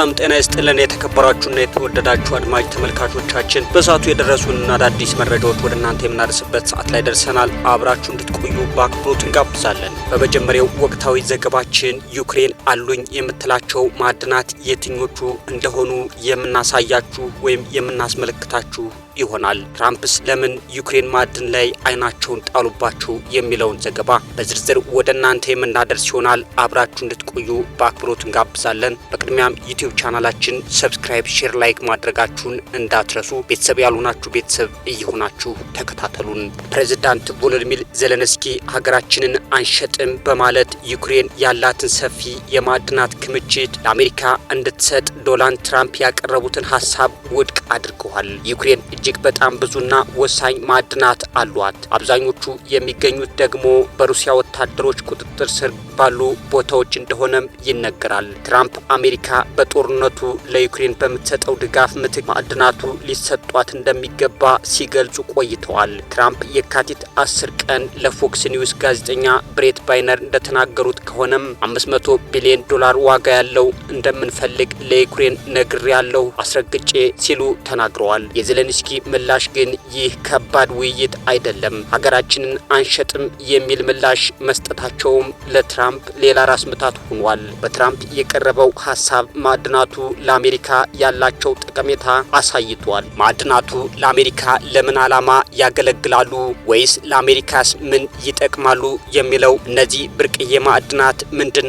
ሰላም ጤና ይስጥልን የተከበራችሁና የተወደዳችሁ አድማጭ ተመልካቾቻችን በሰዓቱ የደረሱንና አዳዲስ መረጃዎች ወደ እናንተ የምናደርስበት ሰዓት ላይ ደርሰናል። አብራችሁ እንድትቆዩ በአክብሮት እንጋብዛለን። በመጀመሪያው ወቅታዊ ዘገባችን ዩክሬን አሉኝ የምትላቸው ማዕድናት የትኞቹ እንደሆኑ የምናሳያችሁ ወይም የምናስመለክታችሁ ይሆናል። ትራምፕስ ለምን ዩክሬን ማዕድን ላይ አይናቸውን ጣሉባቸው የሚለውን ዘገባ በዝርዝር ወደ እናንተ የምናደርስ ይሆናል። አብራችሁ እንድትቆዩ በአክብሮት እንጋብዛለን። በቅድሚያም ዩቲዩብ ቻናላችን ሰብስ ሰብስክራይብ፣ ሼር፣ ላይክ ማድረጋችሁን እንዳትረሱ። ቤተሰብ ያልሆናችሁ ቤተሰብ እየሆናችሁ ተከታተሉን። ፕሬዝዳንት ቮሎዲሚር ዜሌንስኪ ሀገራችንን አንሸጥም በማለት ዩክሬን ያላትን ሰፊ የማዕድናት ክምችት ለአሜሪካ እንድትሰጥ ዶናልድ ትራምፕ ያቀረቡትን ሀሳብ ውድቅ አድርገዋል። ዩክሬን እጅግ በጣም ብዙና ወሳኝ ማዕድናት አሏት። አብዛኞቹ የሚገኙት ደግሞ በሩሲያ ወታደሮች ቁጥጥር ስር ባሉ ቦታዎች እንደሆነም ይነገራል። ትራምፕ አሜሪካ በጦርነቱ ለዩክሬን በምትሰጠው ድጋፍ ምትክ ማዕድናቱ ሊሰጧት እንደሚገባ ሲገልጹ ቆይተዋል። ትራምፕ የካቲት አስር ቀን ለፎክስ ኒውስ ጋዜጠኛ ብሬት ባይነር እንደተናገሩት ከሆነም 500 ቢሊዮን ዶላር ዋጋ ያለው እንደምንፈልግ ለዩክሬን ነግር ያለው አስረግጬ ሲሉ ተናግረዋል። የዜሌንስኪ ምላሽ ግን ይህ ከባድ ውይይት አይደለም፣ ሀገራችንን አንሸጥም የሚል ምላሽ መስጠታቸውም ለትራምፕ ትራምፕ ሌላ ራስ ምታት ሆኗል። በትራምፕ የቀረበው ሀሳብ ማዕድናቱ ለአሜሪካ ያላቸው ጠቀሜታ አሳይቷል። ማዕድናቱ ለአሜሪካ ለምን ዓላማ ያገለግላሉ ወይስ ለአሜሪካስ ምን ይጠቅማሉ የሚለው እነዚህ ብርቅዬ ማዕድናት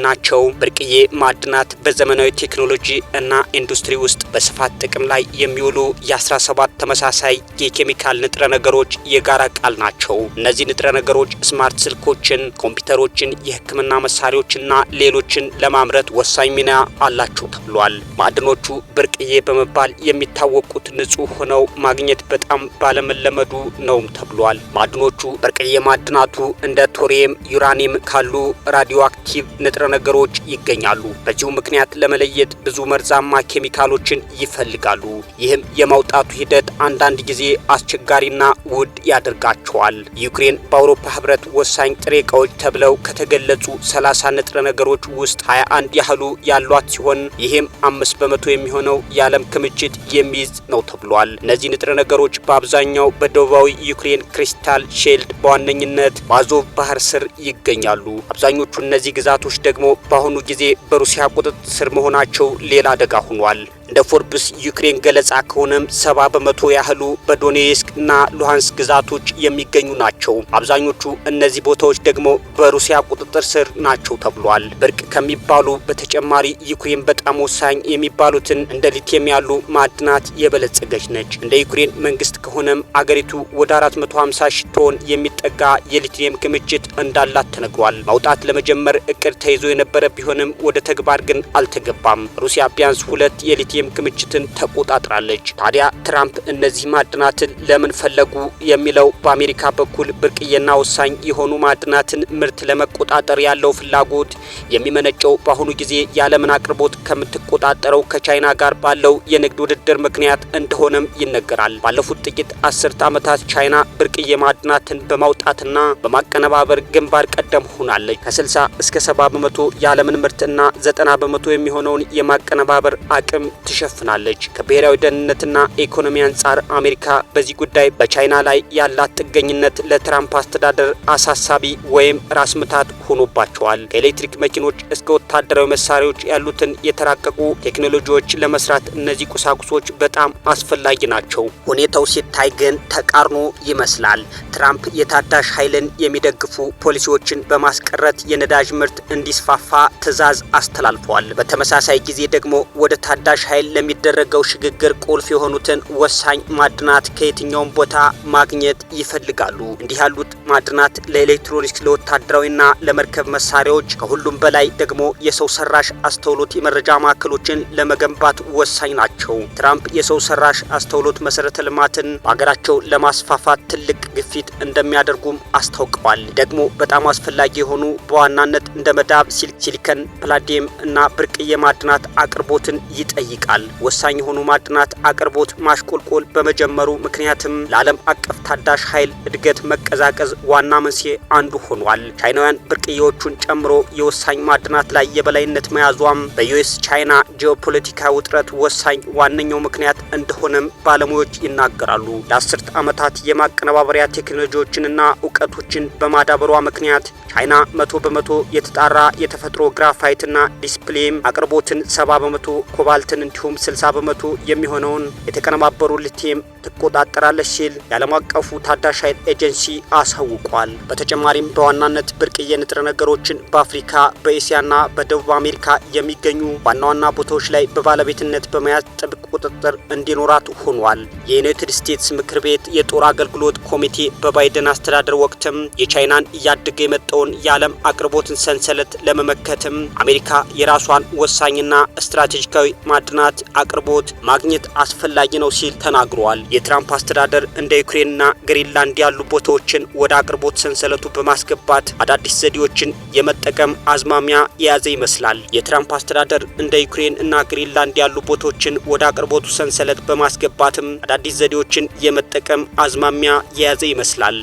ናቸው? ብርቅዬ ማዕድናት በዘመናዊ ቴክኖሎጂ እና ኢንዱስትሪ ውስጥ በስፋት ጥቅም ላይ የሚውሉ የ17 ተመሳሳይ የኬሚካል ንጥረ ነገሮች የጋራ ቃል ናቸው። እነዚህ ንጥረ ነገሮች ስማርት ስልኮችን፣ ኮምፒውተሮችን፣ የህክምና መሳሪያዎችና ሌሎችን ለማምረት ወሳኝ ሚና አላቸው ተብሏል። ማዕድኖቹ ብርቅዬ በመባል የሚታወቁት ንጹህ ሆነው ማግኘት በጣም ባለመለመዱ ነውም ተብሏል። ማዕድኖቹ ብርቅዬ ማዕድናቱ እንደ ቶሪየም፣ ዩራኒየም ካሉ ራዲዮ አክቲቭ ንጥረ ነገሮች ይገኛሉ። በዚሁ ምክንያት ለመለየት ብዙ መርዛማ ኬሚካሎችን ይፈልጋሉ። ይህም የማውጣቱ ሂደት አንዳንድ ጊዜ አስቸጋሪና ውድ ያደርጋቸዋል። ዩክሬን በአውሮፓ ህብረት ወሳኝ ጥሬ እቃዎች ተብለው ከተገለጹ 30 ንጥረ ነገሮች ውስጥ 21 ያህሉ ያሏት ሲሆን ይህም 5 በመቶ የሚሆነው የዓለም ክምችት የሚይዝ ነው ተብሏል። እነዚህ ንጥረ ነገሮች በአብዛኛው በደቡባዊ ዩክሬን ክሪስታል ሼልድ በዋነኝነት በአዞቭ ባህር ስር ይገኛሉ። አብዛኞቹ እነዚህ ግዛቶች ደግሞ በአሁኑ ጊዜ በሩሲያ ቁጥጥር ስር መሆናቸው ሌላ አደጋ ሆኗል። እንደ ፎርብስ ዩክሬን ገለጻ ከሆነም ሰባ በመቶ ያህሉ በዶኔስክ እና ሉሃንስክ ግዛቶች የሚገኙ ናቸው። አብዛኞቹ እነዚህ ቦታዎች ደግሞ በሩሲያ ቁጥጥር ስር ናቸው ተብሏል። ብርቅ ከሚባሉ በተጨማሪ ዩክሬን በጣም ወሳኝ የሚባሉትን እንደ ሊቲየም ያሉ ማዕድናት የበለጸገች ነች። እንደ ዩክሬን መንግስት ከሆነም አገሪቱ ወደ 450 ሺ ቶን የሚጠጋ የሊቲየም ክምችት እንዳላት ተነግሯል። ማውጣት ለመጀመር እቅድ ተይዞ የነበረ ቢሆንም ወደ ተግባር ግን አልተገባም። ሩሲያ ቢያንስ ሁለት የሊቲየም ክምችትን ተቆጣጥራለች። ታዲያ ትራምፕ እነዚህ ማዕድናትን ለምን ፈለጉ የሚለው በአሜሪካ በኩል ብርቅዬና ወሳኝ የሆኑ ማዕድናትን ምርት ለመቆጣጠር ያለው ያለው ፍላጎት የሚመነጨው በአሁኑ ጊዜ የዓለምን አቅርቦት ከምትቆጣጠረው ከቻይና ጋር ባለው የንግድ ውድድር ምክንያት እንደሆነም ይነገራል። ባለፉት ጥቂት አስርተ ዓመታት ቻይና ብርቅዬ ማዕድናትን በማውጣትና በማቀነባበር ግንባር ቀደም ሆናለች። ከ60 እስከ 70 በመቶ የዓለምን ምርትና 90 በመቶ የሚሆነውን የማቀነባበር አቅም ትሸፍናለች። ከብሔራዊ ደህንነትና ኢኮኖሚ አንጻር አሜሪካ በዚህ ጉዳይ በቻይና ላይ ያላት ጥገኝነት ለትራምፕ አስተዳደር አሳሳቢ ወይም ራስ ምታት ሆኖባቸው ተገልጧል። ከኤሌክትሪክ መኪኖች እስከ ወታደራዊ መሳሪያዎች ያሉትን የተራቀቁ ቴክኖሎጂዎች ለመስራት እነዚህ ቁሳቁሶች በጣም አስፈላጊ ናቸው። ሁኔታው ሲታይ ግን ተቃርኖ ይመስላል። ትራምፕ የታዳሽ ኃይልን የሚደግፉ ፖሊሲዎችን በማስቀረት የነዳጅ ምርት እንዲስፋፋ ትዕዛዝ አስተላልፏል። በተመሳሳይ ጊዜ ደግሞ ወደ ታዳሽ ኃይል ለሚደረገው ሽግግር ቁልፍ የሆኑትን ወሳኝ ማዕድናት ከየትኛውም ቦታ ማግኘት ይፈልጋሉ። እንዲህ ያሉት ማዕድናት ለኤሌክትሮኒክስ፣ ለወታደራዊና ለመርከብ መሳ መሳሪያዎች፣ ከሁሉም በላይ ደግሞ የሰው ሰራሽ አስተውሎት የመረጃ ማዕከሎችን ለመገንባት ወሳኝ ናቸው። ትራምፕ የሰው ሰራሽ አስተውሎት መሰረተ ልማትን በሀገራቸው ለማስፋፋት ትልቅ ግፊት እንደሚያደርጉም አስታውቀዋል። ደግሞ በጣም አስፈላጊ የሆኑ በዋናነት እንደ መዳብ፣ ሲሊከን፣ ፕላዲየም እና ብርቅዬ ማዕድናት አቅርቦትን ይጠይቃል። ወሳኝ የሆኑ ማዕድናት አቅርቦት ማሽቆልቆል በመጀመሩ ምክንያትም ለዓለም አቀፍ ታዳሽ ኃይል እድገት መቀዛቀዝ ዋና መንስኤ አንዱ ሆኗል። ቻይናውያን ብርቅዬዎቹን ጨምሮ የወሳኝ ማዕድናት ላይ የበላይነት መያዟም በዩኤስ ቻይና ጂኦፖለቲካ ውጥረት ወሳኝ ዋነኛው ምክንያት እንደሆነም ባለሙያዎች ይናገራሉ። ለአስርት ዓመታት የማቀነባበሪያ ቴክኖሎጂዎችንና እውቀቶችን በማዳበሯ ምክንያት ቻይና መቶ በመቶ የተጣራ የተፈጥሮ ግራፋይትና ዲስፕሌም አቅርቦትን ሰባ በመቶ ኮባልትን እንዲሁም ስልሳ በመቶ የሚሆነውን የተቀነባበሩ ሊቲየም ትቆጣጠራለች ሲል የዓለም አቀፉ ታዳሽ ኃይል ኤጀንሲ አሳውቋል። በተጨማሪም በዋናነት ብርቅዬ ንጥረ ነገሮችን በአፍሪካ በኤስያና በደቡብ አሜሪካ የሚገኙ ዋና ዋና ቦታዎች ላይ በባለቤትነት በመያዝ ጥብቅ ቁጥጥር እንዲኖራት ሆኗል። የዩናይትድ ስቴትስ ምክር ቤት የጦር አገልግሎት ኮሚቴ በባይደን አስተዳደር ወቅትም የቻይናን እያደገ የመጣውን የዓለም አቅርቦትን ሰንሰለት ለመመከትም አሜሪካ የራሷን ወሳኝና ስትራቴጂካዊ ማዕድናት አቅርቦት ማግኘት አስፈላጊ ነው ሲል ተናግሯል። የትራምፕ አስተዳደር እንደ ዩክሬንና ግሪንላንድ ያሉ ቦታዎችን ወደ አቅርቦት ሰንሰለቱ በማስገባት አዳዲስ ዘዴዎችን የመጠቀም አዝማሚያ የያዘ ይመስላል። የትራምፕ አስተዳደር እንደ ዩክሬን እና ግሪንላንድ ያሉ ቦታዎችን ወደ አቅርቦቱ ሰንሰለት በማስገባትም አዳዲስ ዘዴዎችን የመጠቀም አዝማሚያ የያዘ ይመስላል።